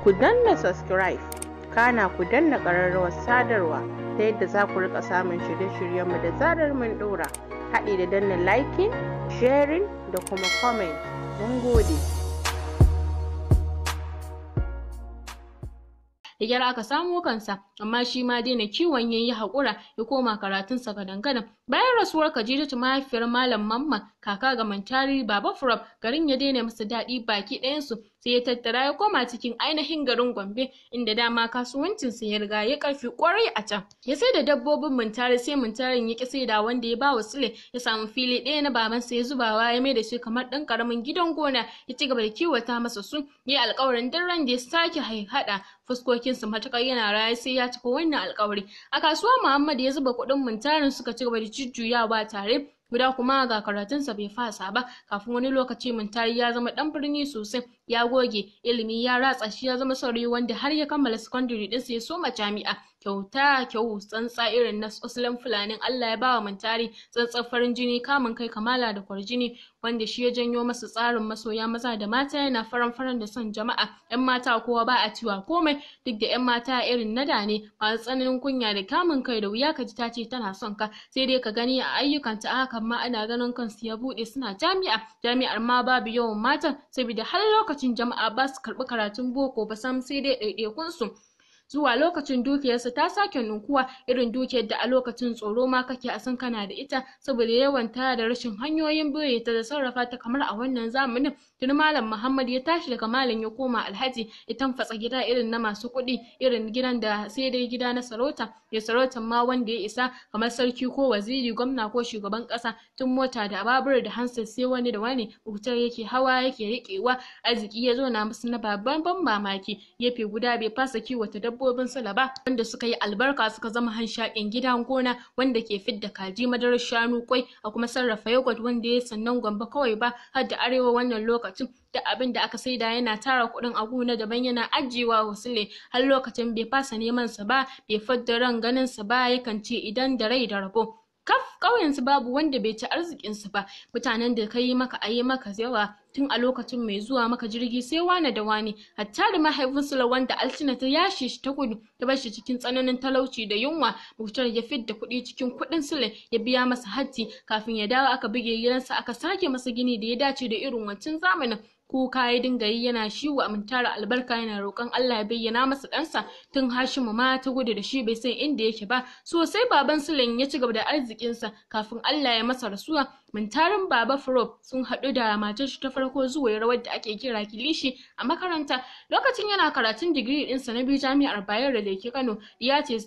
ku danna subscribe kana ku danna ƙararrawar sadarwa ta yadda za ku rika samun shirye-shiryenmu da zarar mun ɗora haɗi da danna liking sharing da kuma comment mun gode da gyara aka samo kansa amma shi ma daina kiwon yi haƙura ya koma karatunsa ga dangana bayan rasuwar Khadijatu mahaifiyar Malam Mamma kaka ga Mantari Baba Furab garin ya daina masa daɗi baki ɗayansu sai ya tattara ya koma cikin ainihin garin Gombe inda dama kasuwancin sa ya riga ya karfi kwarai a can. Ya sai da dabbobin muntare sai muntarin ya ki sai da wanda ya ba wa Sule ya samu fili ɗaya na baban sa ya zubawa ya mai da shi kamar ɗan karamin gidan gona ya ci gaba da kiwata masa su ya yi alƙawarin duk ran da ya sake haihaɗa fuskokin su matakar yana raye sai ya cika wannan alƙawari. A kasuwa Muhammad ya zuba kuɗin muntarin suka ci gaba da jujjuyawa tare Guda kuma ga karatunsa bai fasa ba, kafin wani lokaci Muntari ya zama dan birni sosai, ya goge, ilimi ya ratsa shi ya zama saurayi wanda har ya kammala sakandare ɗinsa ya soma jami'a. kyauta kyau tsantsa irin na asalin fulanin Allah ya bawa tari. tsantsar farin jini kamun kai kamala da kwarjini wanda shi ya janyo masa tsarin masoya maza da mata yana faran faran da son jama'a yan mata kowa ba a ciwa komai duk da yan mata irin na dane ne tsananin kunya da kamun kai da wuya ka ji ta ce tana son ka sai dai ka gani a ayyukanta a hakan ma ana ganin kansu ya bude suna jami'a jami'ar ma babu yawan matan saboda har lokacin jama'a ba su karɓi karatun boko ba sam sai dai ɗaiɗaikunsu su zuwa lokacin dukiyarsa ta sake nunkuwa irin dukiyar da a lokacin tsoro ma kake a san kana da ita saboda yawan ta da rashin hanyoyin boye ta da sarrafa ta kamar a wannan zamanin tuni malam muhammad ya tashi daga malam ya koma alhaji ya tamfatsa gida irin na masu kuɗi irin gidan da sai dai gida na sarauta ya sarautan ma wanda ya isa kamar sarki ko waziri gwamna ko shugaban ƙasa tun mota da babur da hansa sai wani da wani wutar yake hawa yake riƙewa arziki ya zo na musu na babban ban mamaki gefe guda bai fasa kiwata dabbobin sala ba wanda suka yi albarka suka zama hanshaƙin gidan gona wanda ke fidda kaji madarar shanu kwai a kuma sarrafa yogurt wanda ya sannan gwamba kawai ba har da arewa wannan lokacin. lokacin da abin da aka saida yana tara kuɗin a na daban yana ajiyewa wasile har lokacin bai fasa neman sa ba bai fadda ran ganin sa ba yakan ce idan da rai da rabo kaf ƙauyensu babu wanda bai ci arzikin su ba mutanen da ka yi maka a yi maka yawa tun a lokacin mai zuwa maka jirgi sai wane da wane hatta da mahaifin lawan da alcina ta yashe shi ta gudu ta bar shi cikin tsananin talauci da yunwa buktar ya fidda kuɗi cikin kuɗin sule ya biya masa hajji kafin ya dawo aka buge gidansa aka sake masa gini da ya dace da irin wancan zamanin kuka ya dinga yi yana shi wa amintara albarka yana roƙon Allah ya bayyana masa ɗansa tun Hashimu ma ta gudu da shi bai san inda yake ba sosai baban Sulen ya ci gaba da arzikinsa kafin Allah ya masa rasuwa Mintarin Baba Frop sun haɗu da shi ta farko zuwa rawar da ake kira Kilishi a makaranta lokacin yana karatun digiri ɗinsa na biyu jami'ar bayar da ke Kano ya ce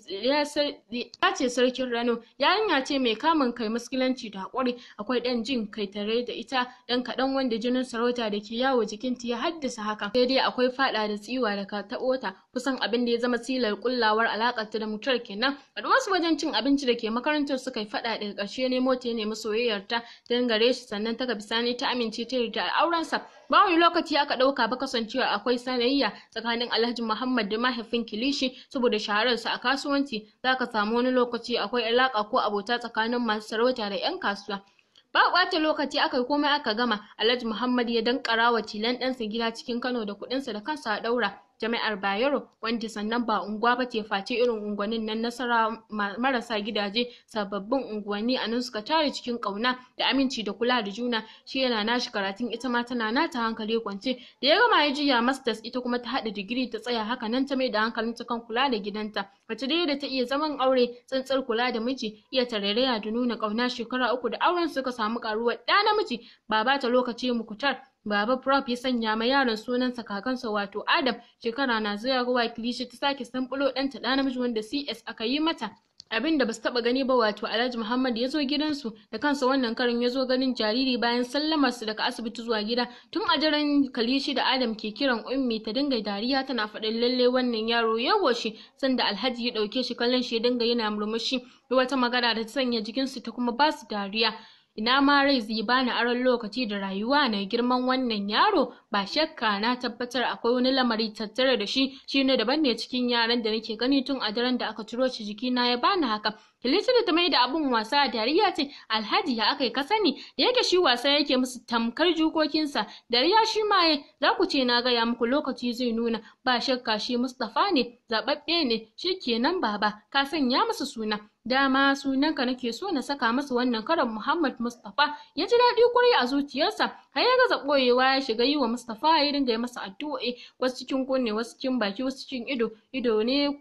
sarkin Rano yarinya ce mai kamun kai muskilanci da haƙuri akwai ɗan jin kai tare da ita ɗan kaɗan wanda jinin sarauta da ke yawo jikinta ya haddasa hakan sai dai akwai faɗa da tsiwa da ka taɓo ta kusan abin da ya zama silar kullawar ta da mutar kenan a wasu wajen cin abinci da ke makarantar suka yi faɗa daga ƙarshe ne mota ya nemi soyayyarta don gare shi sannan ta bisani ta amince ta yarda a aurensa ba wani lokaci aka ɗauka ba kasancewa akwai sanayya tsakanin alhaji muhammad da mahaifin kilishi saboda shahararsa a kasuwanci zaka samu wani lokaci akwai alaka ko abota tsakanin masu sarauta da 'yan kasuwa ba kwace lokaci aka yi komai aka gama alhaji muhammad ya dankara wa tilan ɗansa gida cikin kano da kuɗinsa da kansa a ɗaura Jami'ar Bayero, wanda sannan ba unguwa ba ce face irin unguwannin nan nasara marasa gidaje, sababbin unguwanni a nan suka tare cikin kauna da aminci da kula da juna, shi yana nashi karatun ita ma tana nata hankali kwance, da ya gama ya jiya masters ita kuma ta haɗa digiri ta tsaya haka nan ta mai da hankalin ta kan kula da gidanta, mace dai da ta iya zaman aure tsantsar kula da miji, iya tarairaya da nuna kauna shekara uku da auren suka samu ƙaruwar ɗa namiji, ba ta lokaci mukutar Baba Prof ya sanya ma yaron sunansa kakansa wato Adam shekara na zagawa kilishi ta sake bulo ɗanta ɗa namiji wanda CS aka yi mata abin da basu taba gani ba wato Alhaji Muhammad ya zo gidansu da kansa wannan karin ya zo ganin jariri bayan sallamar su daga asibiti zuwa gida tun a daren Kalishi da Adam ke kiran ummi ta dinga dariya tana faɗin lalle wannan yaro ya goshi sanda Alhaji ya dauke shi kallon shi ya dinga yana murmushi da wata magana da ta sanya jikin su ta kuma ba su dariya Ina ma rai zai bani aron lokaci da rayuwa na girman wannan yaro, ba shakka na tabbatar akwai wani lamari tattare da shi, shi na daban ne cikin yaran da nake gani tun a daren da aka ciro shi jikina ya bani haka. da ta mai da abun wasa a dariya ce, Alhaji ya aka yi ka sani, da yake shi wasa yake musu tamkar jukokinsa, dariya shi maye, za ku ce na gaya muku lokaci zai nuna, ba shakka shi Mustapha ne, zaɓaɓɓe ne, shi kenan baba, ka sanya musu suna. dama sunanka nake so na saka masa wannan karan Muhammad mustafa ya ji daɗi kuri a zuciyarsa har ya gaza ɓoyewa ya shiga yi wa mustafa ya dinga yi masa addu'o'i wasu cikin kunne wasu cikin baki wasu cikin ido ido ne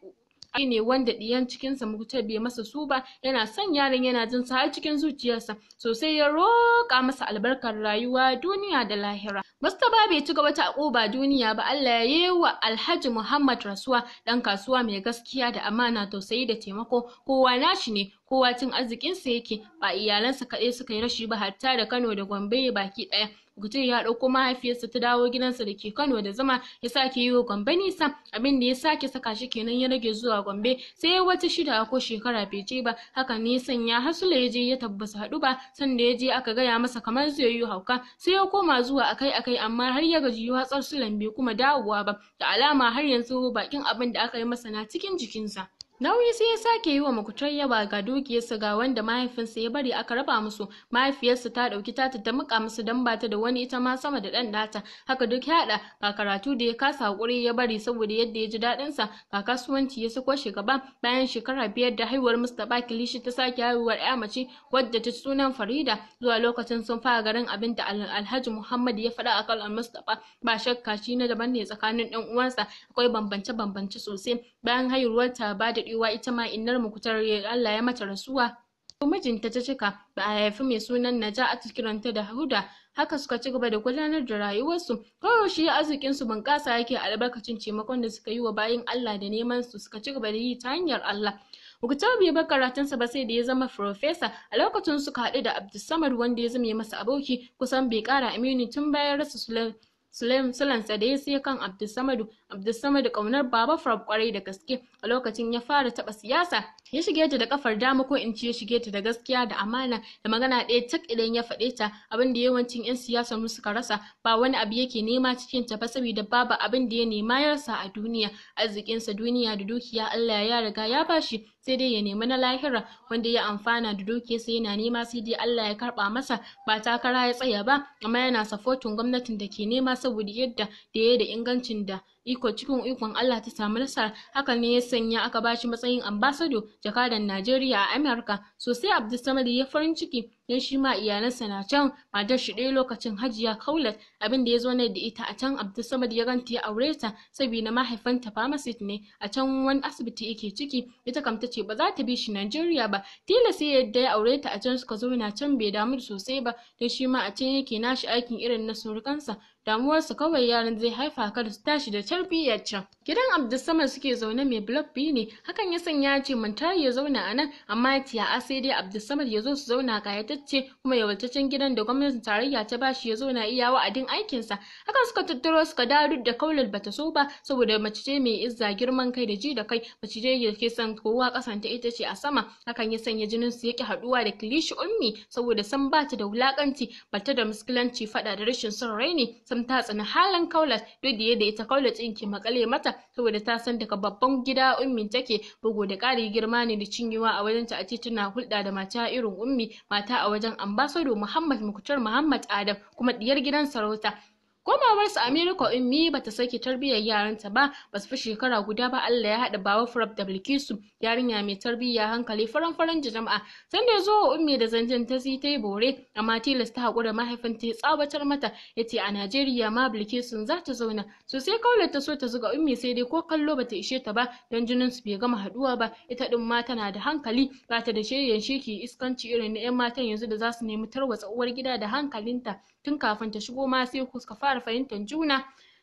ai ne wanda ɗiyan cikinsa muktar bai masa su ba yana son yaron yana jin sa har cikin zuciyarsa sosai ya roƙa masa albarkar rayuwa duniya da lahira Mustapha bai ci gaba ta ƙoba duniya ba Allah ya yi wa Alhaji Muhammad Rasuwa ɗan kasuwa mai gaskiya da amana tausayi da taimako kowa nashi ne kowa cin arzikin sa yake ba iyalansa kaɗai suka yi rashi ba hatta da Kano da Gombe baki ɗaya Gutir ya ɗauko mahaifiyarsa ta dawo gidansa da ke Kano da zama ya sake yi wa Gombe nisa abin da ya sake saka shi kenan ya rage zuwa Gombe sai wata shida ko shekara bai je ba haka ne sanya hasula ya je ya tabbasa haɗu ba sanda ya je aka gaya masa kamar zai yi hauka sai ya koma zuwa akai akai amma har ya gaji hatsar su bai kuma dawowa ba da alama har yanzu bakin abin da aka yi masa na cikin jikinsa. Nauyi sai ya sake yi wa muktar yaba ga dukiyarsa ga wanda mahaifinsa ya bari aka raba musu. Mahaifiyarsa ta ɗauki ta ta muka musu dan ta da wani ita ma sama da ɗan ɗata Haka duk yaɗa ga karatu da ya kasa haƙuri ya bari saboda yadda ya ji sa ga kasuwanci ya sako shi gaba bayan shekara biyar da haihuwar Mustapha Kilishi ta sake haihuwar ƴa mace wadda ta sunan Farida zuwa lokacin sun fara garin da Alhaji Muhammad ya faɗa akan Mustapha ba shakka shi na daban ne tsakanin ɗan uwansa akwai bambance-bambance sosai bayan haihuwar ta ba da daɗewa ita ma innar mu kutar Allah ya mata rasuwa ko mijinta ta cika ba a haifi mai sunan a cikin kiranta da Huda haka suka ci gaba da gudanar da rayuwarsu yaushe arzikin su bunƙasa yake albarkacin taimakon da suka yi wa bayin Allah da neman su suka ci gaba da yi ta hanyar Allah Muktar bai bar karatunsa ba sai da ya zama farfesa a lokacin suka haɗu da Abdulsamad wanda ya zama masa aboki kusan bai ƙara amini tun bayan rasa Sulaim Sulansa da ya sai kan Abdulsamadu Abdulsamad da ƙaunar Baba Farab kwarai da gaske a lokacin ya fara taɓa siyasa. Ya shige ta da kafar dama ko in ce ya shige ta da gaskiya da amana da magana ɗaya tak idan ya faɗe ta abin da yawancin 'yan siyasar mu suka rasa ba wani abu yake nema cikin ta ba saboda babu abin da ya nema ya rasa a duniya arzikinsa duniya da dukiya Allah ya riga ya bashi sai dai ya nemi na lahira wanda ya amfana da dukiya sai yana nema sai dai Allah ya karɓa masa ba takara ya tsaya ba amma yana safotin gwamnatin da ke nema saboda yadda da ya da ingancin da iko cikin ikon Allah ta samu nasara hakan ne ya sanya aka bashi matsayin ambasado jakadan Najeriya a Amurka sosai Abdulsamad ya farin ciki don shi ma iyalansa na can matar shi ɗaya lokacin Hajiya Kaulat abin da ya zo ne da ita a can Abdulsamad ya ganta ya aure ta saboda mahaifanta pharmacist ne a can wani asibiti yake ciki ita kam ta ce ba za ta bi shi Najeriya ba tilas ya yadda ya aure ta a can suka zo na can bai damu sosai ba don shi ma a can yake nashi aikin irin na surukansa damuwarsu kawai yaran zai haifa kada su tashi da tarbiyyar can gidan abdulsamad suke zaune mai blok biyu ne hakan ya sanya ya ce mantari ya zauna a nan amma ya tiya a sai dai abdulsamad ya zo su zauna kayatacce kuma yawaltaccen gidan da gwamnatin tarayya ta bashi ya zauna iya wa'adin aikinsa hakan suka tattaro suka dawo da kaulal bata so ba saboda mace ce mai izza girman kai da ji da kai mace ce da ke son kowa kasanta ita ce a sama hakan ya sanya jinin su yake haduwa da kilishi ummi saboda san bata da wulakanci bata da muskilanci fada da rashin son rai ne sam ta tsana halin kaulat duk da yadda ita kaulat ɗin ke makale mata saboda ta san daga babban gida ummi take bugu da ƙari girma ne da cinyewa a wajen ta a tituna hulɗa da mata irin ummi mata a wajen ambasado Muhammad Muktar Muhammad Adam kuma diyar gidan sarauta komawarsu Amerika Ummi ta sake tarbiyyar yaranta ba basu fi shekara guda ba Allah ya haɗa bawa Furab da Bilkisu yarinya mai tarbiyya hankali faran faran jama'a san da zo Ummi da zanjan ta zi ta yi bore amma tilas ta haƙura mahaifin ta tsawatar mata ya ce a Najeriya ma Bilkisu za ta zauna so sai kaular ta so ta zuga Ummi sai dai ko kallo ba ta ishe ta ba don jinin su bai gama haɗuwa ba ita din ma tana da hankali bata da shiryen shiki iskanci irin na 'yan matan yanzu da za su nemi tarwatsa uwar gida da hankalinta tun kafin ta shigo ma sai ku suka fara fahimtar juna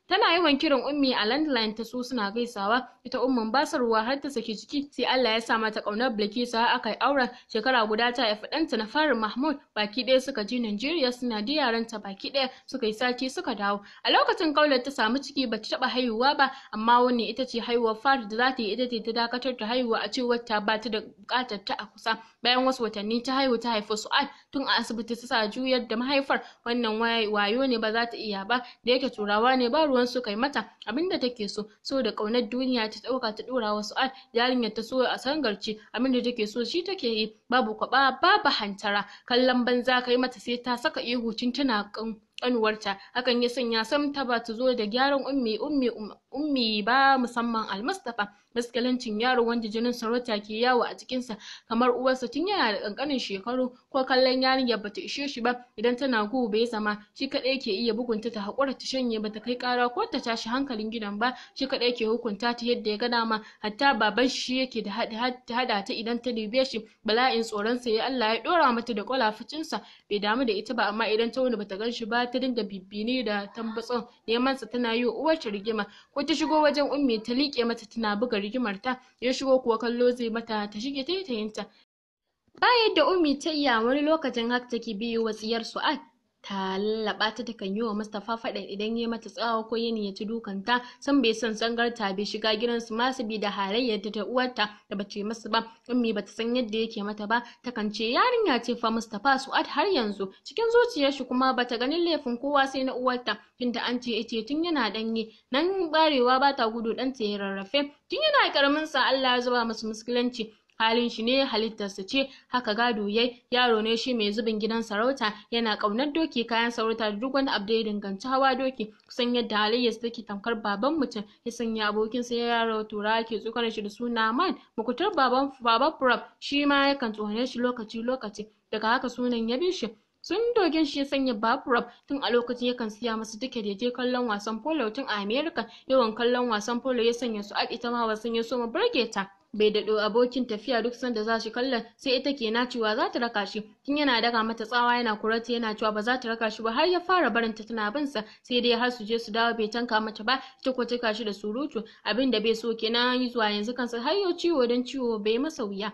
tana yawan kiran ummi a landline ta su suna gaisawa ita ummin ruwa har ta saki ciki sai Allah ya sa mata kaunar Bilkisu har aka yi auren shekara guda ta haifi ɗanta na farin Mahmud baki ɗaya suka ji Najeriya suna da ta baki ɗaya suka yi sati suka dawo a lokacin kaular ta samu ciki bata taɓa haihuwa ba amma wannan ita ce haihuwar fari da za ta yi ita ce ta dakatar da haihuwa a cewar ta ba ta da buƙatar ta a kusa bayan wasu watanni ta haihu ta haifi Su'ad tun a asibiti su sa juyar da mahaifar wannan wayo ne ba za ta iya ba da yake turawa ne ba ruwan su kai mata abinda take so so da kaunar duniya ta dauka ta dora wasu al yarinyar ta so a sangarci abinda take so shi take yi babu kwaba babu hantara kallon banza kai mata sai ta saka ihu tun tana kanuwarta hakan ya sanya sam ta ba ta zo da gyaran ummi ummi um, ummi ba musamman almustapha maskalancin yaro wanda jinin sarauta ke yawo a cikinsa kamar uwarsa tun yana da kankanin shekaru ko kallon yarinyar bata ishe shi ba idan tana guhu bai zama shi kadai ke iya bugunta ta hakura ta shanye ba ta kai kara ko ta tashi hankalin gidan ba shi kadai ke hukunta ta yadda ya ga ma hatta baban shi yake da hada ta idan ta dube shi bala'in tsoron sa ya Allah ya dora mata da kwalafucinsa bai damu da ita ba amma idan ta wani bata gan shi ba ta dinga bibbini da tambatson neman sa tana yi wa uwar rigima wata shigo wajen ummi ta liƙe mata tana buga rigimar ta ya shigo kuwa kallo zai mata ta shige ta yi ta ba yadda ummi ta iya wani lokacin haka take biyo wa tsiyar su'ad ta lallaba ta takan yi wa Mustapha faɗan idan ya mata tsawa ko yini ya ci dukanta san bai san sangar ta bai shiga gidansu ma da halayyar ta uwarta da bace masu ba ummi bata san yadda yake mata ba takan ce yarinya ce fa Mustapha Su'ad har yanzu cikin zuciyar shi kuma bata ganin laifin kowa sai na uwarta tunda an ce ita tun yana danye nan barewa bata gudu dan ya rarrafe tun yana karamin sa Allah ya zuba masu muskilanci halin shi ne halittarsa ce haka gado yayi yaro ne shi mai zubin gidan sarauta yana ƙaunar doki kayan sarauta da duk wani abu da ya danganci hawa doki kusan yadda su take tamkar baban mutum ya sanya abokinsa ya yaro turawa ke tsokar shi da suna man mukutar baban baba prof shi ma yakan tsokane shi lokaci lokaci daga haka sunan ya bi shi sun dogin shi ya sanya baburab tun a lokacin yakan siya masu duka da je kallon wasan polo tun a america yawan kallon wasan polo ya sanya su ita ma wasan ya soma burge ta bai daɗo abokin tafiya duk sanda za shi kallon sai ita ke na cewa za ta raka shi tun yana daga mata tsawa yana kurata yana cewa ba za ta raka shi ba har ya fara barin ta tana bin sa sai dai har su je su dawo bai tanka mata ba ta ko tuka shi da surutu abin da bai so kenan zuwa yanzu kansa har yau ciwo don ciwo bai masa wuya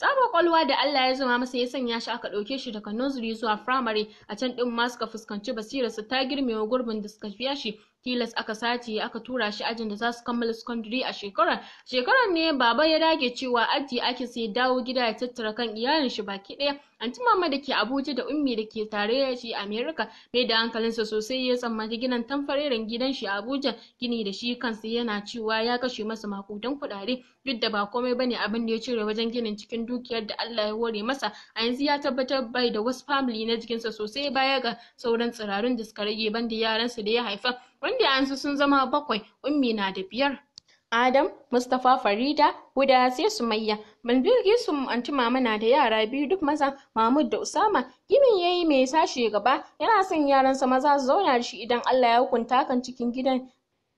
Tsabar kwalwa da Allah ya zama masa ya sanya shi aka ɗauke shi daga nursery zuwa firamare a can ɗin ma suka fuskanci su ta wa gurbin da suka fiya shi tilas aka sace aka tura shi ajin da za su kammala secondary a shekarar shekarar ne baba ya dage cewa aji ake sai dawo gida ya tattara kan iyalin shi baki ɗaya Anti Mama da ke Abuja da Ummi da ke tare da shi Amerika mai da hankalinsa sosai ya tsammaci ginin tamfareren gidan shi a Abuja gini da shi kansa yana cewa ya kashe masa makudan kuɗaɗe duk da ba komai bane abin da ya cire wajen ginin cikin dukiyar da Allah ya hore masa a yanzu ya tabbatar bai da wasu family na jikinsa sosai baya ga sauran tsirarun da suka rage banda yaransa da ya haifa wanda yanzu sun zama bakwai ummi na da biyar Adam, Mustapha Farida, Huda sai Sumayya Bilkisu anti mama na da yara biyu duk maza Mahmud da Usama. Ginin yayi mai sashi gaba yana son yaransa maza su zauna da shi idan Allah ya hukunta kan cikin gidan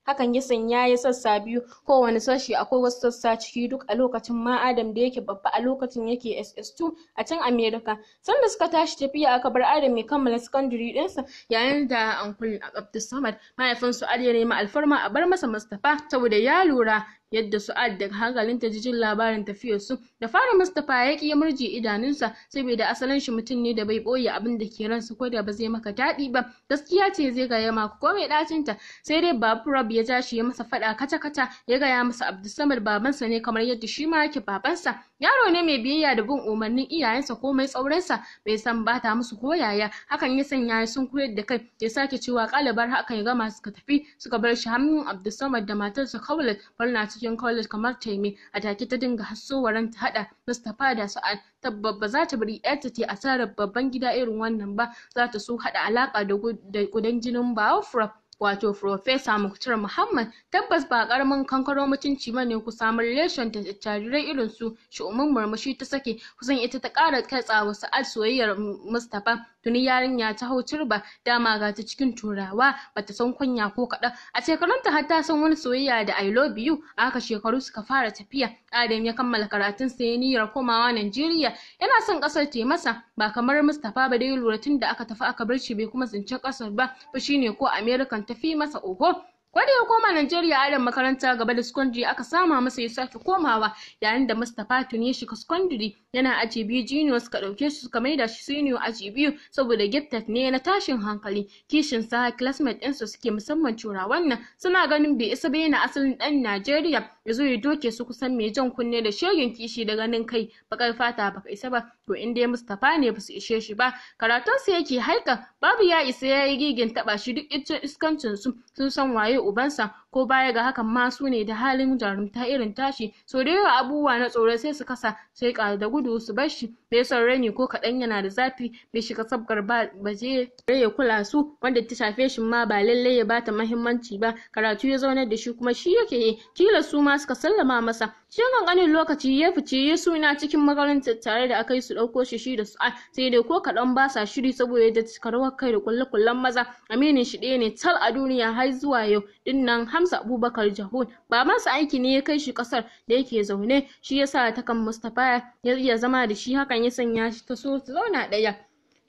hakan ya sanya ya sassa biyu kowane sashi akwai wasu sassa ciki duk a lokacin ma Adam da yake babba a lokacin yake SS2 a can America sanda suka tashi tafiya aka bar Adam ya kammala secondary ɗinsa yayin da Uncle Abdulsamad mahaifin su Ali ya nemi alfarma a bar masa Mustapha saboda ya lura yadda Su'ad da hankalin ta jin labarin tafiyar su da fara Mustapha ya ki murji idanunsa saboda asalin shi mutum ne da bai boye abin da ke ransa ko da ba zai maka daɗi ba gaskiya ce zai gaya maku ko mai dacin ta sai dai babu Rab ya ja shi ya masa faɗa kata kata ya gaya masa Abdulsamad babansa ne kamar yadda shi ma yake babansa yaro ne mai biyayya da bin umarnin iyayensa ko mai tsaurinsa bai san bata musu ko yaya hakan ya sanya sun koyar da kai ya sake cewa kalabar haka ya gama suka tafi suka bar shi hannun Abdulsamad da matarsa Kaulat Barna cikin college kamar Taimi a take ta dinga hasowaran ta hada Mustapha da Sa'ad tabbab ba za ta bari yarta ta asarar babban gida irin wannan ba za ta so hada alaka da kudan jinin Biafra wato Profesa Muktar Muhammad tabbas ba karamin kankaro mutunci bane ku samu relation da jarirai irin su shi'umin Murmushi ta sake kusan ita ta ƙara katsa wa sa'ad soyayyar Mustapha tuni yarinya ta hau turba dama ga ta cikin turawa bata san kunya ko kaɗan a shekarunta har ta san wani soyayya da I love you a haka shekaru suka fara tafiya Adam ya kammala karatun sa ya niyyar komawa Najeriya yana son ƙasar ta masa ba kamar Mustapha ba dai lura tun da aka tafi aka bar shi bai kuma tsinci ƙasar ba fa ne ko American tafi masa oho ko da ya koma Najeriya a makaranta gaba da secondary aka sama masa ya sake komawa yayin da Mustapha tuni ya shiga secondary yana aji biyu junior suka dauke shi suka maida shi senior aji biyu saboda gifted ne na tashin hankali kishin sa classmate ɗinsu suke musamman cura wannan suna ganin bai isa bai na asalin ɗan Najeriya ya zo ya doke su kusan mai jan kunne da shegin kishi da ganin kai bakar fata baka isa ba to in dai Mustapha ne ba su ishe shi ba karatun su yake haika babu ya isa ya yi gigin taba shi duk iskancin su sun san waye ubansa ko baya ga hakan ma su ne da halin jarumta irin tashi so da yawa abubuwa na tsoro sai su kasa sai ƙara da gudu su bar shi bai son rani ko kaɗan yana da zafi bai shiga sabgar baje ya kula su wanda ta shafe shi ma ba lallai ya bata muhimmanci ba karatu ya zaunar da shi kuma shi yake yi kila su ma suka sallama masa Cikin ƙanƙanin lokaci ya fice ya suna cikin makarantar tare da aka yi su ɗauko shi shi da su sai dai ko kaɗan ba sa shiri saboda da karuwar kai da kulle-kullen maza aminin shi ɗaya ne tal a duniya har zuwa yau dinnan Hamza Abubakar Jahun ba masa aiki ne ya kai shi ƙasar da yake zaune shi yasa takan Mustapha ya iya zama da shi hakan ya sanya shi ta so su zauna ɗaya.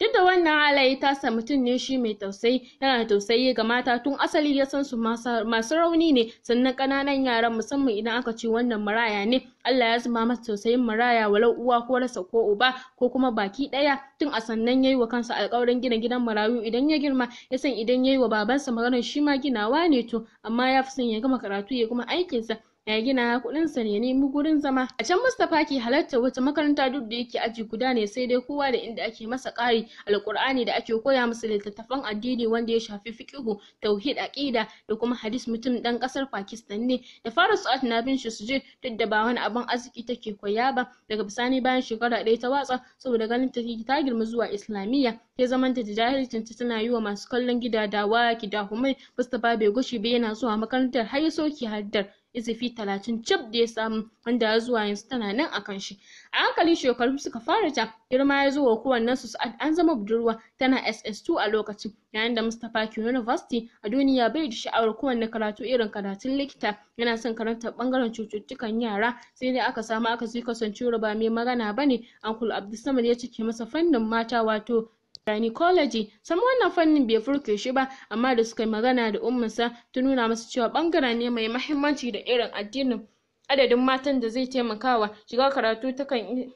Duk da wannan halaye tasa mutum ne shi mai tausayi yana da tausayi ga mata tun asali ya san su masu rauni ne sannan ƙananan yaran musamman idan aka ce wannan maraya ne Allah ya zama masa tausayin maraya walau uwa ko rasa ko uba ko kuma baki ɗaya tun a sannan yayi wa kansa alƙawarin gina gidan marayu idan ya girma ya san idan yayi wa babansa maganar shi ma ginawa ne to amma ya fi son ya gama karatu ya kuma aikinsa ya gina kuɗinsa ya nemi gurin zama a can mustapha ke halarta wata makaranta duk da yake aji guda ne sai dai kowa da inda ake masa ƙari alƙur'ani da ake koya masa littattafan addini wanda ya shafi fiqihu tauhid aqida da kuma hadis mutum dan ƙasar pakistan ne da fara su'at na bin shi su je duk da ba wani abin arziki take koya ba daga bisani bayan shekara ɗaya ta watsa saboda ganin ta ta girma zuwa islamiyya ya zamanta da jahilcin ta tana yi wa masu kallon gida dawa da humai mustapha bai gushi ba yana zuwa makarantar har ya haddar izifi talatin cif da ya samu wanda ya zuwa yanzu tana nan a kan shi a hankali shekaru suka fara ta girma ya zo wa kowannen su sa'ad an zama budurwa tana ss2 a lokacin yayin da mustapha ke university a duniya bai da sha'awar kowanne karatu irin karatun likita yana son karanta bangaren cututtukan yara sai dai aka samu aka zai kasance ba mai magana bane uncle abdulsamad ya cike masa fannin mata wato gynecology sam wannan fannin bai furke shi ba amma da suka magana da ummansa ta nuna masa cewa bangare ne mai mahimmanci da irin addinin adadin matan da zai taimakawa shiga karatu takan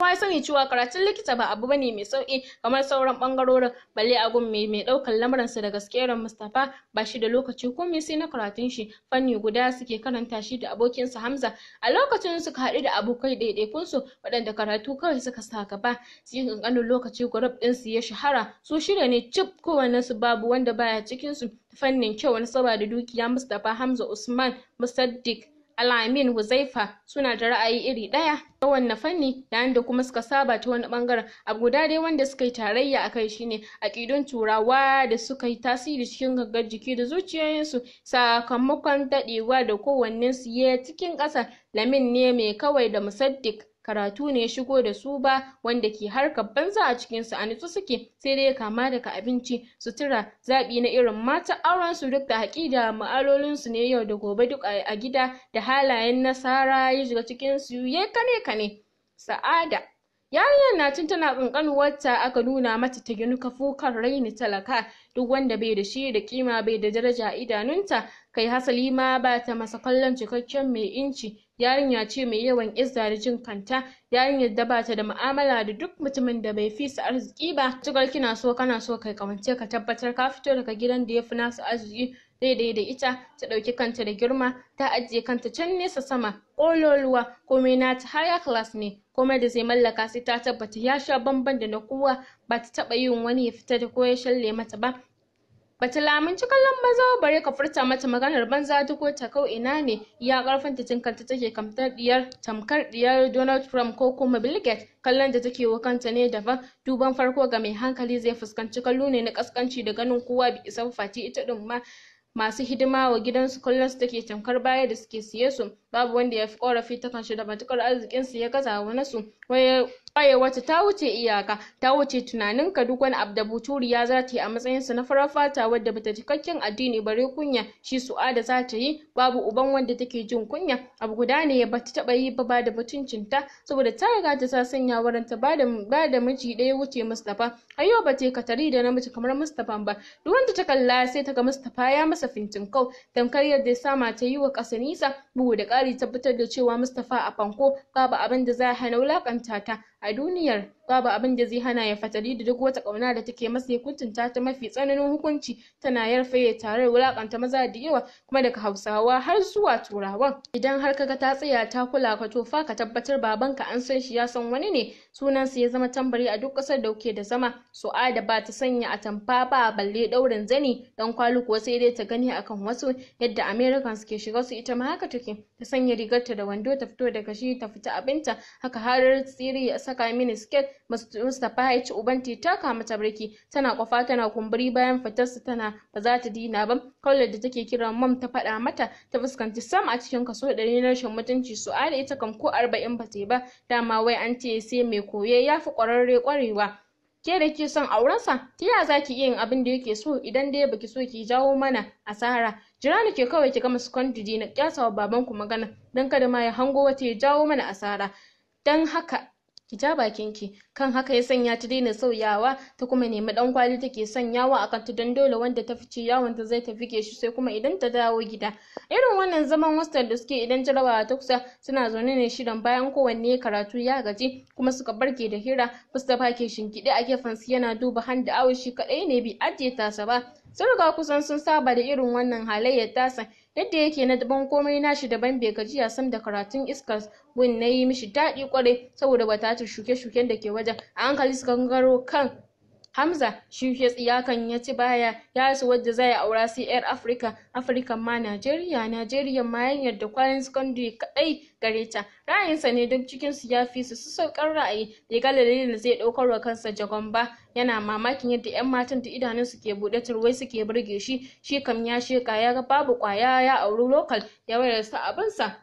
kuma ya sani cewa karatun likita ba abu bane mai sauki kamar sauran bangarorin balle a gun mai mai daukan lamarin da gaske skeren Mustapha ba shi da lokaci komai sai na karatun shi fanni guda suke karanta shi da abokinsa Hamza a lokacin suka haɗu da abokai ɗaiɗaikun su waɗanda karatu kawai suka sa gaba cikin kankanin lokaci group ɗin su ya shahara su shida ne cip kowanne su babu wanda baya cikin su fannin kyau wani da dukiya Mustapha Hamza Usman Musaddiq Alamin Huzaifa suna da ra'ayi iri ɗaya ta wannan fanni yayin da kuma suka saba ta wani bangaren a guda dai wanda suka yi tarayya a kai shine aƙidun turawa da suka yi tasiri cikin gaggar jiki da zuciyoyinsu sakamakon daɗewa da kowannensu ya cikin ƙasa Lamin ne mai kawai da musaddik. karatu ne shigo da su ba wanda ke harkar banza a cikin su a nutsu suke sai dai kama daga abinci sutura zaɓi na irin mata auren su duk da haƙida ma'alolin su ne yau da gobe duk a gida da halayen nasara ya shiga cikin su ya kane kane sa'ada yarinyar na tun tana wata aka nuna mata ta ginuka fukar raini talaka duk wanda bai da shi da kima bai da daraja idanunta kai hasali ma ba ta masa kallon cikakken mai inci Yarinya ce mai yawan izza da jin kanta, yarinyar da bata da mu'amala da duk mutumin da bai fi su arziki ba. Matuƙar kina so kana so kai ƙawance ka tabbatar ka fito daga gidan da ya fi nasu arziki daidai da ita, ta ɗauki kanta da girma, ta ajiye kanta can nesa sama, ƙololuwa, komai nata haya class ne, komai da zai mallaka sai ta tabbata ya sha bamban da na kowa, ba ta taɓa yin wani ya fita da ko ya shalle mata ba. Bata lamunci kallon banza ba bare ka furta mata maganar banza duk ta kau ina ne ya karfin ta kanta take kamtar diyar tamkar diyar Donald Trump ko kuma Bill Gates kallon da take wa kanta ne daban duban farko ga mai hankali zai fuskanci kallo ne na kaskanci da ganin kowa bi isa fati ita din ma masu hidima wa gidansu kullum su take tamkar baya da suke siye su babu wanda ya fi korafi ta kanshi da matukar arzikin su ya gaza wa nasu wai wata ta wuce iyaka, ta wuce tunanin duk wani abu da zata za ta yi a matsayin sa na farar fata wadda bata cikakken addini bare kunya shi Su'ada za ta yi babu uban wanda take jin kunya abu guda ne ba ta taba yi ba da da ta saboda ta riga ta sa sanya wurin ta ba da miji ɗaya wuce mustafa har ba ta yi katari da namiji kamar Mustafa ba duk wanda ta kalla sai ta ga Mustafa ya masa fintin kau tamkar yadda ya sama ta yi wa kasanisa nisa bugu da ƙari tabbatar da cewa mustafa a fanko babu abin da za a hana wulakanta ta I do near babu abin da zai hana ya fatali da duk wata ƙauna da take masa ya kuntunta ta mafi tsananin hukunci tana ya tare da wulakanta maza da yawa kuma daga hausawa har zuwa turawan idan har kaga ta tsaya ta kula ka to ka tabbatar babanka an san shi ya san wani ne sunan sunansa ya zama tambari a duk ƙasar da kuke da zama su ba ta sanya a tamfa ba balle daurin zani dan kwalu ko sai dai ta gani akan wasu yadda americans suke shiga su ita ma haka take ta sanya rigarta da wando ta fito daga shi ta fita abinta haka har tsiri ya saka mini skirt Mustapha ya ce uban ta kama mata birki tana kwafa tana kumburi bayan fitarsa tana ba za ta dina ba kawai da take kira mom ta faɗa mata ta fuskanci sam a cikin kaso ɗari na rashin mutunci su'ada ita kam ko arba'in ba ta yi ba dama wai an ce sai mai koye ya fi ƙwararre ƙwarewa ke da ke son aurensa ta ya za ki iya yin abin da yake so idan dai baki so ki jawo mana asara jira ni ke kawai ki gama secondary na kyasawa wa babanku magana don kada ma ya hango wata ya jawo mana asara don haka ki ja bakinki kan haka ya sanya ta daina sauyawa ta kuma nemi dan kwali take sanyawa a kanta don dole wanda ta fice yawon ta zai ta fike shi sai kuma idan ta dawo gida irin wannan zaman hostel da suke idan jarabawa ta kusa suna zaune ne shirin bayan kowanne karatu ya gaji kuma suka barke da hira mustapha ke shingiɗe a gefen su yana duba handa awo shi kaɗai ne bi ajiye tasa ba sun riga kusan sun saba da irin wannan halayyar tasa yadda yake na daban komai nashi daban bai gajiya sam da karatun iskar gun na yi mishi daɗi kwarai saboda batatar shuke-shuken da ke wajen a hankali suka gangaro kan Hamza shi ya tsiyakan ya ci baya ya su wadda zai aura sai yar Afirka Afirka ma Najeriya Najeriya ma yan yadda kwayan secondary kadai gare ta ra'ayinsa ne duk cikin su ya fi su su saukar ra'ayi bai ga dalilin da zai ɗaukar wa kansa jagon ba yana mamakin yadda yan matan da idanun su ke bude turwai suke burge shi shi kam ya sheka ya ga babu kwaya ya auri local ya wayar sa abinsa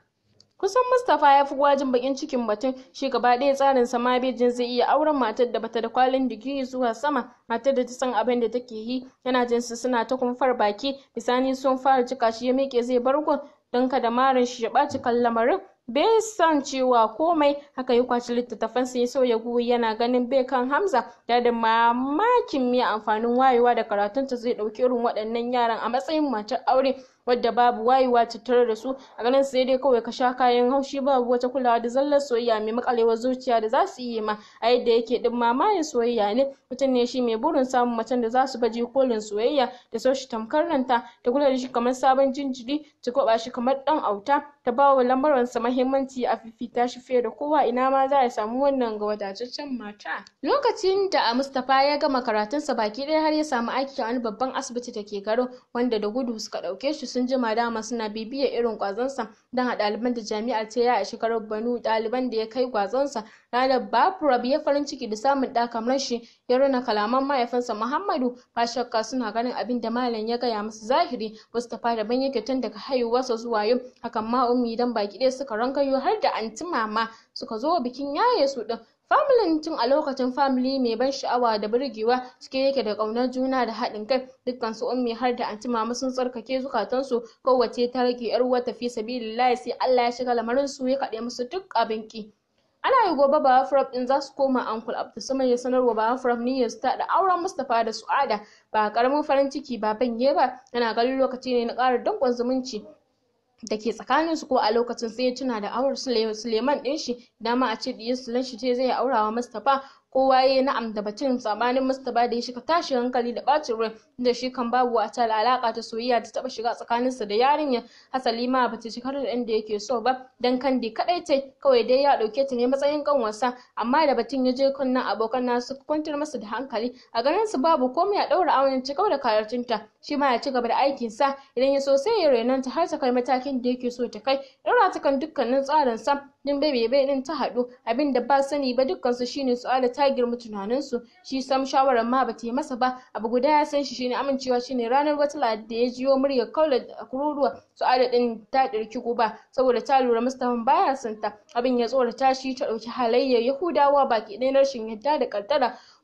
kusan mustapha ya fi gwajin bakin cikin batun shi gaba ɗaya tsarin sama bejin zai iya auren matar da bata da kwalin digiri zuwa sama matar da ta san abin da take yi yana jin su suna ta kumfar baki bisani sun fara cika shi ya miƙe zai bar gun don kada marin shi ya ɓaci kan lamarin bai san cewa komai haka yi kwaci littattafan sai yi sauya guri yana ganin bai kan hamza da da mamakin miya amfanin wayewa da karatunta zai ɗauki irin waɗannan yaran a matsayin matar aure wadda babu wayewa tattare da su a ganin sai dai kawai ka sha kayan haushi babu wata kulawa da zallar soyayya mai makalewar zuciya da za su yi ma a yadda yake din mamayin soyayya ne mutum ne shi mai burin samun macen da za su baje kolin soyayya da so shi tamkar ranta ta kula da shi kamar sabon jinjiri ta koba shi kamar dan auta ta ba wa lamarwansa mahimmanci a fifita shi fiye da kowa ina ma za a samu wannan ga wadataccen mata lokacin da a mustapha ya gama karatunsa baki ɗaya har ya samu aiki a wani babban asibiti da ke garo wanda da gudu suka ɗauke shi sun jima dama suna bibiyar irin kwazonsa don a ɗaliban da jami'ar ta a shekarar banu ɗaliban da ya kai kwazonsa ranar babu ya farin ciki da samun ɗa kamar shi ya rana kalaman mahaifinsa muhammadu ba shakka suna ganin abin da malam ya gaya musu zahiri mustapha da ban yake tun daga haihuwarsa zuwa yau hakan ma ummi dan baki ɗaya suka rankayo har da anti mama suka zo bikin yaye su ɗin Familin tun a lokacin famili mai ban sha'awa da burgewa cike yake da ƙaunar juna da haɗin kai dukkansu ummi har da anti mama sun tsarkake zukatan su kowace ta rage yar uwa tafi sabilillahi sai Allah ya shiga lamarin su ya kaɗe musu duk abin ki. Ana yi gobe ba Afrop din za su koma Uncle Abdulsamad ya sanarwa ba Afrop niyyar su ta da auren Mustapha da Su'ada ba karamin farin ciki ba banye ba yana ganin lokaci ne na ƙara dankon zumunci da ke tsakanin su ko a lokacin sai ya tuna da awar Suleiman din shi dama a ce diyar Sulan shi ce zai aura wa Mustapha kowa ya na'am da batun sabanin mustapha da ya shiga tashi, hankali da bacin rai da shi kan babu wata alaka ta soyayya ta taba shiga tsakaninsa da yarinya. hasali ma ba ta shiga da inda yake so ba dan kandi kadai ce kawai dai ya dauke ta ne matsayin kanwarsa amma da batun ya je nan abokan nasu kwantar masa da hankali a ganin su babu komai a daura auren cikau da karatunta shi ma ya ci gaba da aikin sa idan ya so sai ya renanta har ta kai matakin da yake so ta kai daura ta kan dukkanin tsarin sa din bai bai din ta haɗu abin da ba sani ba dukkansu shine su ala ta girma tunaninsu shi sam shawarar ma ba ta yi masa ba abu guda ya san shi shine amincewa shine ranar wata ladi da ya jiyo muryar kaula kururuwa ala din ta ɗirki guba saboda ta lura mustapha baya son ta abin ya tsorata shi ta ɗauki halayyar yahudawa baki na rashin yadda da Ko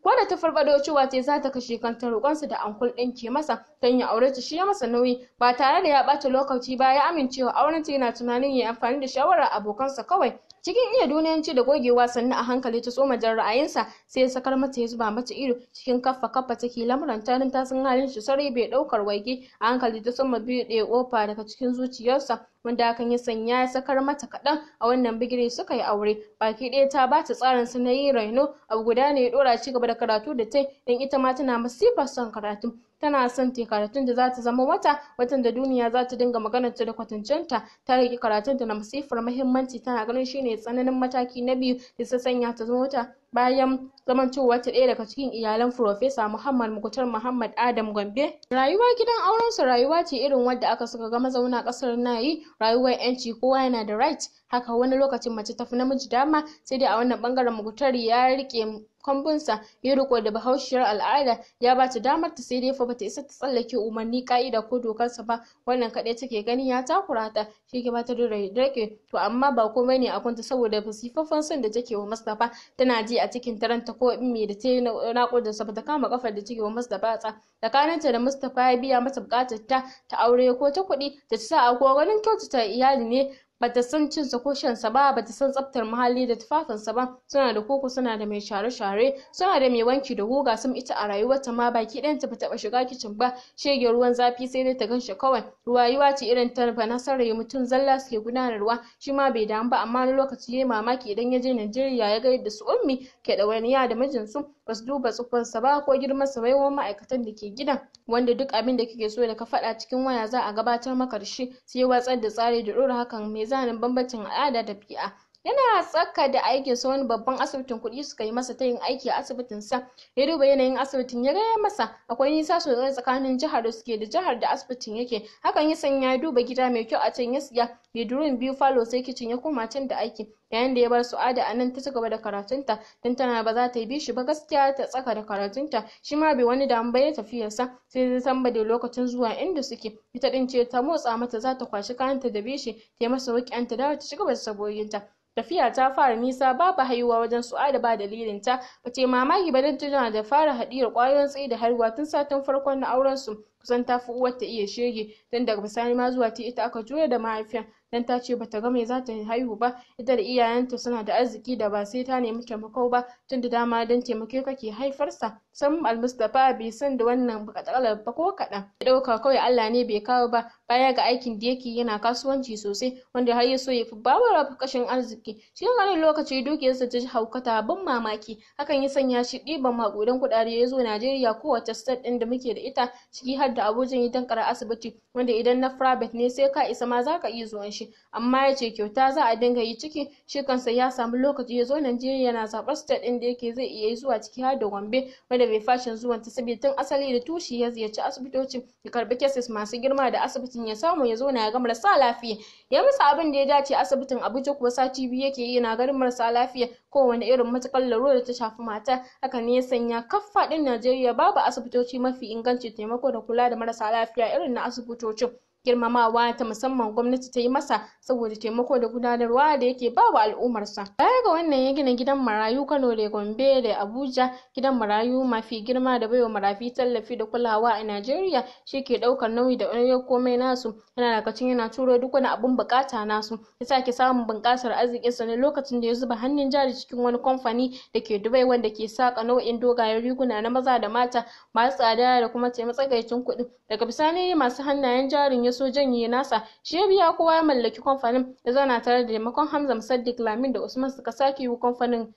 Kwana ta farfado cewa ce za ta kashe kanta roƙonsa da ankul ɗin ke masa don ya aure ta shi ya masa nauyi ba tare da ya ɓata lokaci ba ya amincewa auren ta yana tunanin ya amfani da shawarar abokansa kawai cikin iya duniyanci da gogewa sannu a hankali ta tsoma jan ra'ayinsa sai ya sakar mata ya zuba mata ido cikin kaffa kaffa take lamuran tarin ta san halin shi sarai bai daukar waige a hankali ta tsoma biyu ɗaya kofa daga cikin zuciyarsa wanda hakan ya sanya ya sakar mata kaɗan a wannan bigire suka yi aure baki ɗaya ta ba ta tsarin su na yi raino abu guda ne ya ɗora ci gaba da karatu da ta don ita ma tana masifar son karatu tana son ta karatun da za ta zama wata watan da duniya za ta dinga maganar ta da kwatancenta ta rike karatun da na masifar muhimmanci tana ganin shine tsananin mataki na biyu da ta sanya ta zama wata bayan zaman wata ɗaya daga cikin iyalan profesa Muhammad Mukutar Muhammad Adam Gombe. rayuwa gidan aurensa rayuwa ce irin wadda aka suka ga mazauna ƙasar nayi rayuwar 'yanci kowa yana da right haka wani lokacin mace tafi namiji dama sai dai a wannan bangaren Mukutar ya rike kwambunsa ya riko da bahaushiyar al'ada ya ba ta damar ta sai dai fa bata isa ta tsallake umarni ka'ida ko dokarsa ba wannan kaɗai take gani ya takura ta shi ke bata da rake to amma ba komai ne a kunta saboda fasifafan son da take wa Mustapha tana ji a cikin taranta ko ummi da ta yi naƙuda sa ta kama kafar da ciki wa da batsa tsakaninta da Mustapha ya biya mata bukatar ta ta aure ko ta kuɗi da ta sa a ko ganin kyautata iyali ne bata san cinsa ko shansa ba bata san tsaftar muhalli da tufafin sa ba suna da koko suna da mai share-share suna da mai wanki da guga sun ita a rayuwarta ma baki ɗayanta ba taba shiga kicin ba shege ruwan zafi sai dai ta ganshi kawai ruwa rayuwa ce irin ta banasarai mutum zalla suke gudanarwa shi ma bai damu ba amma na lokaci yayi mamaki idan ya je Najeriya ya ga yadda su ummi ke ya da mijinsu ba su duba tsufansa ba ko girman sa bai wani ma'aikatan da ke gidan wanda duk abin da kike so da ka faɗa cikin waya za a gabatar maka da shi sai watsar da tsari da ɗora hakan me zanen bambancin al'ada da ɗabi'a. yana tsaka da aikin sa wani babban asibitin kuɗi suka yi masa ta yin aiki a asibitin sa ya duba yanayin asibitin ya gaya masa akwai nisa sosai tsakanin jihar da suke da jihar da asibitin yake hakan ya sanya ya duba gida mai kyau a can ya siya bedroom biyu falo sai kicin ya koma can da aiki yayin da ya bar su a nan ta ci gaba da karatunta don tana ba za ta yi bishi ba gaskiya ta tsaka da karatunta shi ma bai wani damu ba ya sa sai ta da lokacin zuwa inda suke ita din ce ta motsa mata za ta kwashi kayanta da bishi ta yi masa wuƙi ta dawo ta ci gaba da saboyinta tafiya ta fara nisa babu haihuwa wajen su su'ada ba dalilin ta bace mamaki ba don tana da fara hadiyar kwayoyin tsaye da haihuwa tun satin farkon na auren su kusan ta fi uwar ta iya shege don daga bisani ma zuwa ta ita aka jure da mahaifiyar dan ta ce bata ga me za ta haihu ba ita da iyayenta suna da arziki da ba sai ta nemi taimako ba tun da dama don taimako kake haifarsa san almustapha bai san da wannan katakalar ba ko kaɗan ya ɗauka kawai allah ne bai kawo ba baya ga aikin da yake yana kasuwanci sosai wanda har ya so ya fi bawa kashin arziki cikin wani lokaci dukiyarsa ta haukata ban mamaki hakan ya sanya shi ɗiban maƙudan kuɗaɗe ya zo najeriya kowace state ɗin da muke da ita ciki har da abuja ya tankara asibiti wanda idan na private ne sai ka isa ma zaka iya zuwan shi amma ya ce kyauta za a dinga yi ciki shi kansa ya samu lokaci ya zo najeriya na zaɓar state ɗin da yake zai iya zuwa ciki har da gombe wanda da bai fashin zuwan ta saboda tun asali da tushe ya ziyarci asibitocin ya karbi cases masu girma da asibitin ya samu ya zauna ya ga marasa lafiya ya musu abin da ya dace asibitin Abuja kuwa sati biyu yake yi yana ganin marasa lafiya kowane irin matukar da ta shafi mata haka ne ya sanya kaf faɗin Najeriya babu asibitoci mafi inganci taimako da kula da marasa lafiya irin na asibitocin girmamawa ta musamman gwamnati ta yi masa saboda taimako da gudanarwa da yake ba wa al'ummarsa baya ga wannan ya gina gidan marayu kano da gombe da abuja gidan marayu mafi girma da baiwa marafi tallafi da kulawa a najeriya shi ke ɗaukar nauyi da ɗauyar komai nasu yana lokacin yana turo duk wani abun bukata nasu ya sake samun bunƙasar arzikinsa ne lokacin da ya zuba hannun jari cikin wani kamfani da ke dubai wanda ke saka nau'in dogayen riguna na maza da mata masu tsada da kuma taimatsakaicin kuɗi daga bisani masu hannayen jarin ya so janye nasa shi ya biya kowa ya mallaki kamfanin ya zauna tare da taimakon Hamza Musaddiq Lamin da Usman suka sake yi kamfanin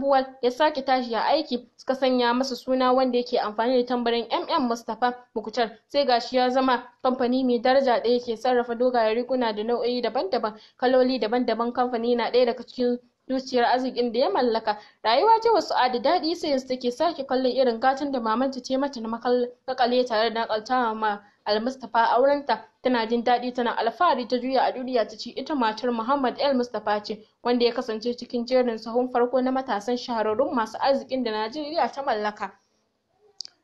buwal ya sake tashi a aiki suka sanya masa suna wanda yake amfani da tambarin MM Mustapha muktar sai gashi ya zama kamfani mai daraja ɗaya ke sarrafa dogayen riguna da nau'i daban-daban kaloli daban-daban kamfani na ɗaya daga cikin zuciyar arzikin da ya mallaka rayuwa ce wasu adi daɗi sai take sake kallon irin gatan da mamanta ce mata na makale tare da nakaltawa ma Al-Mustapha aurenta tana jin daɗi tana alfahari ta juya a duniya ta ci ita matar Muhammad El Mustapha ce wanda ya kasance cikin jerin sahun farko na matasan shahararrun masu arzikin da Najeriya ta mallaka.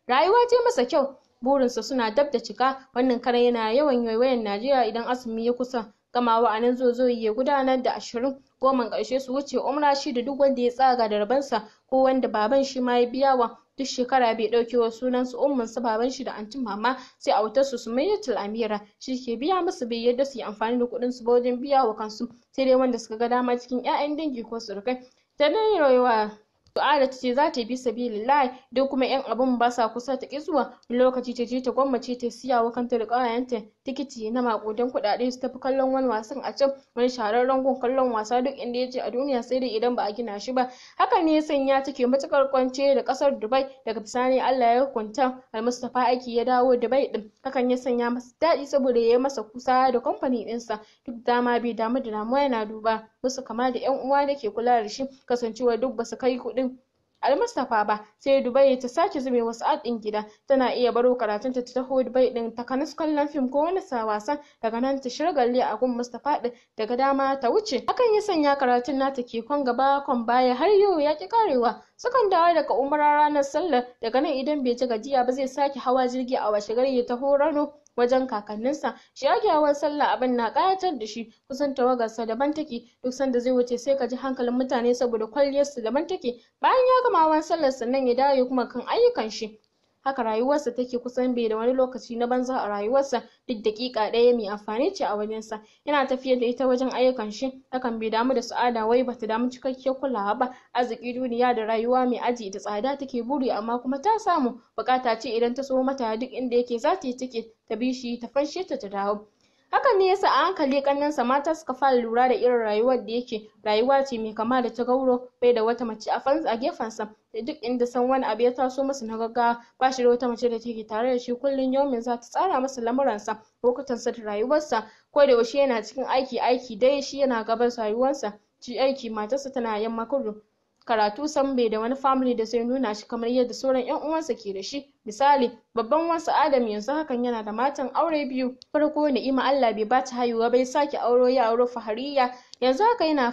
Rayuwa ce masa kyau, burinsa suna dab da cika wannan kare yana yawan yoyoyin Najeriya idan azumi ya kusa gamawa a nan zozoyi ya gudanar da ashirin goman ƙarshe su wuce umrashi, da duk wanda ya tsaga da rabansa ko wanda baban shi ma ya biya wa duk shekara bai wa sunan su umman su baban shi da antin mama sai autar su sumayyatul amira shi ke biya musu bai yadda su yi amfani da kuɗin su ba wajen biya wa kansu sai dai wanda suka ga dama cikin ya'yan dangi ko surukai ta rayuwa Su'ada ta ce za ta bi sabilillahi duk kuma 'yan abun ba sa kusa ta ƙi lokaci ta je ta gwammace ta siya wa kanta da ƙawayenta tikiti na maƙudan kuɗaɗe su tafi kallon wani wasan a can wani shahararren gun kallon wasa duk inda ya a duniya sai dai idan ba a gina shi ba haka ne sanya take matukar kwance da kasar dubai daga bisani allah ya hukunta almustapha aiki ya dawo dubai ɗin? hakan ya sanya masa daɗi saboda ya yi masa kusa da kamfani ɗinsa duk dama bai damu da damuwa yana duba musu kama da yan uwa da ke kula da shi kasancewa duk basu kai kuɗin Almustapha ba sai Dubai ta sake zube wasu art din gida tana iya baro karatunta ta taho Dubai din ta kanis kallon fim ko wani wasan daga nan ta shirgalle a gun Mustafa din daga dama ta wuce hakan ya sanya karatun nata ke kon gaba kon baya har yau ya ki karewa sukan dawo daga umara ranar sallar daga nan idan bai ji gajiya ba zai sake hawa jirgi a washe gari ya taho Rano wajen kakanninsa shi yake hawan sallah abin na ƙayatar da shi kusan tawagarsa daban take duk sanda zai wuce sai ka ji hankalin mutane saboda kwalliyarsa daban take bayan ya gama hawan sallar sannan ya dawo kuma kan ayyukan shi haka rayuwarsa take kusan bai da wani lokaci na banza a rayuwarsa duk daƙiƙa ɗaya mai amfani ce a wajensa yana tafiyar da ita wajen ayyukan shi hakan bai damu da su'ada wai bata damu cikakkiyar kulawa ba arziki duniya da rayuwa mai aji da tsada take buri amma kuma ta samu bukata ce idan ta so mata duk inda yake zata ta yi take ta bi shi ta fanshe ta ta dawo hakan ne yasa a hankali ƙannensa mata suka fara lura da irin rayuwar da yake rayuwa ce mai kama da ta gauro bai da wata mace a fans a gefensa da duk inda san wani abu ya taso masa na gaggawa ba shi da wata mace da take tare da shi kullum yaumin za ta tsara masa lamuransa lokutansa da rayuwarsa ko da yaushe yana cikin aiki aiki dai shi yana gaban rayuwarsa ci aiki matarsa tana yamma kudu karatu san bai da wani family da zai nuna shi kamar yadda sauran yan uwansa ke da shi misali babban wansa adam yanzu hakan yana da matan aure biyu farko ni'ima allah bai bata haihuwa bai sake auro ya auro fahariya yanzu haka yana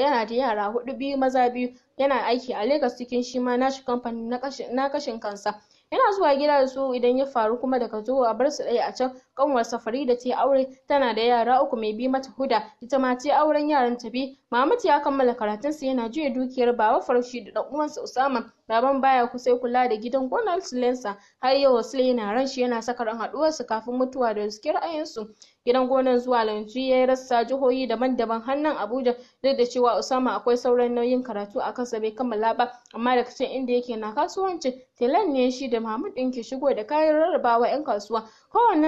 yana da yara hudu biyu maza biyu yana aiki a lagos cikin shi ma nashi kamfani na kashin kansa Yana zuwa gida da su idan ya faru kuma daga zuwa a bar su ɗaya a can ƙanwar safari da yi aure tana da yara uku mai bi mata Huda ita ma ta auren yaran biyu. Mahmud ya kammala karatunsa yana juya dukiyar Baba Farshi da ɗan uwansa Usama Baban baya kusa kula da gidan gonar Silensa har yau Wasile yana ran shi yana saka ran haɗuwarsu kafin mutuwa da riskiyar su Gidan gonar zuwa lanci ya rassa jihohi daban-daban Hannun Abuja duk da cewa Usama akwai sauran nauyin karatu a kansa bai kammala ba amma daga can inda yake na kasuwanci Telan ne shi da Mahmud din ke shigo da kayan rarrabawa 'yan kasuwa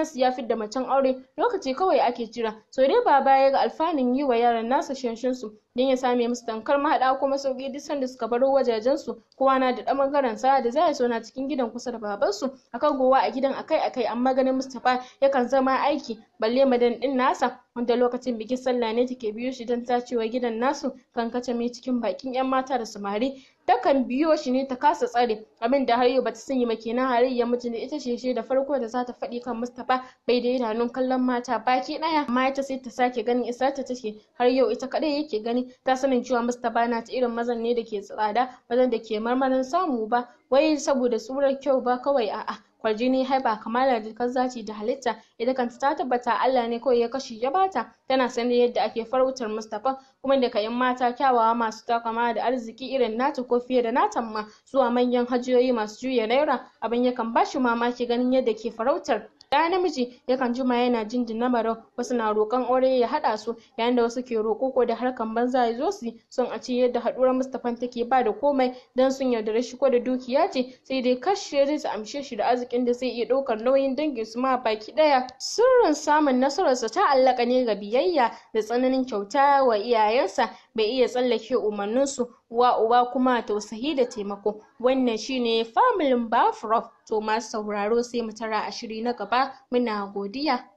su ya da macen aure lokaci kawai ake jira. So dai baba ya ga alfanun yi wa yaran nasa shanshinsu don ya same musu tankar mahaɗa ko masauki duk sanda suka baro wajajensu kowa na da ɓangaren sa da za ya zauna cikin gidan kusa da babansu akan gowa a gidan akai-akai amma ganin Mustapha yakan zama aiki balle madan ɗin nasa wanda lokacin bikin sallah ne take biyo shi don tacewa gidan nasu kan kace mai cikin bakin 'yan mata da samari takan biyo shi ne ta kasa tsare abin da har yau bata sanya ba kenan harayya mijin ita ce da farko da zata faɗi kan Mustapha bai da idanun kallon mata baki ɗaya amma ita sai ta sake ganin isarta take har yau ita kadai yake gani ta sanin cewa Mustapha na ta irin mazan ne da ke tsada mazan da ke marmarin samu ba wai saboda surar kyau ba kawai a'a kwarjini haiba kamala jikar zaci da halitta ita kanta ta tabbata Allah ne kawai ya kashi ya bata tana sanin yadda ake farautar Mustapha kuma daga yan mata kyawawa masu takama da arziki irin nata ko fiye da nata ma zuwa manyan hajiyoyi masu juya naira abin yakan bashi mamaki ganin yadda ke farautar ya namiji yakan jima yana jinjina marau wasu na roƙon aure ya haɗa su, yayin da wasu ke roƙo ko da harkan banza ya zo su son a ce yadda haɗuwar Mustapha take ba da komai dan sun yaudare shi ko da dukiya ce sai dai kashi ya su amshe shi da arzikin da zai iya ɗaukar nauyin dangin su ma baki ɗaya. Sirrin samun nasararsa ta allaka ne ga biyayya da tsananin kyauta wa iyayensa bai iya tsallake umarninsu uwa uba kuma tausayi da taimako wannan shine family Bafrof to masu sauraro sai mu tara ashiri na gaba muna godiya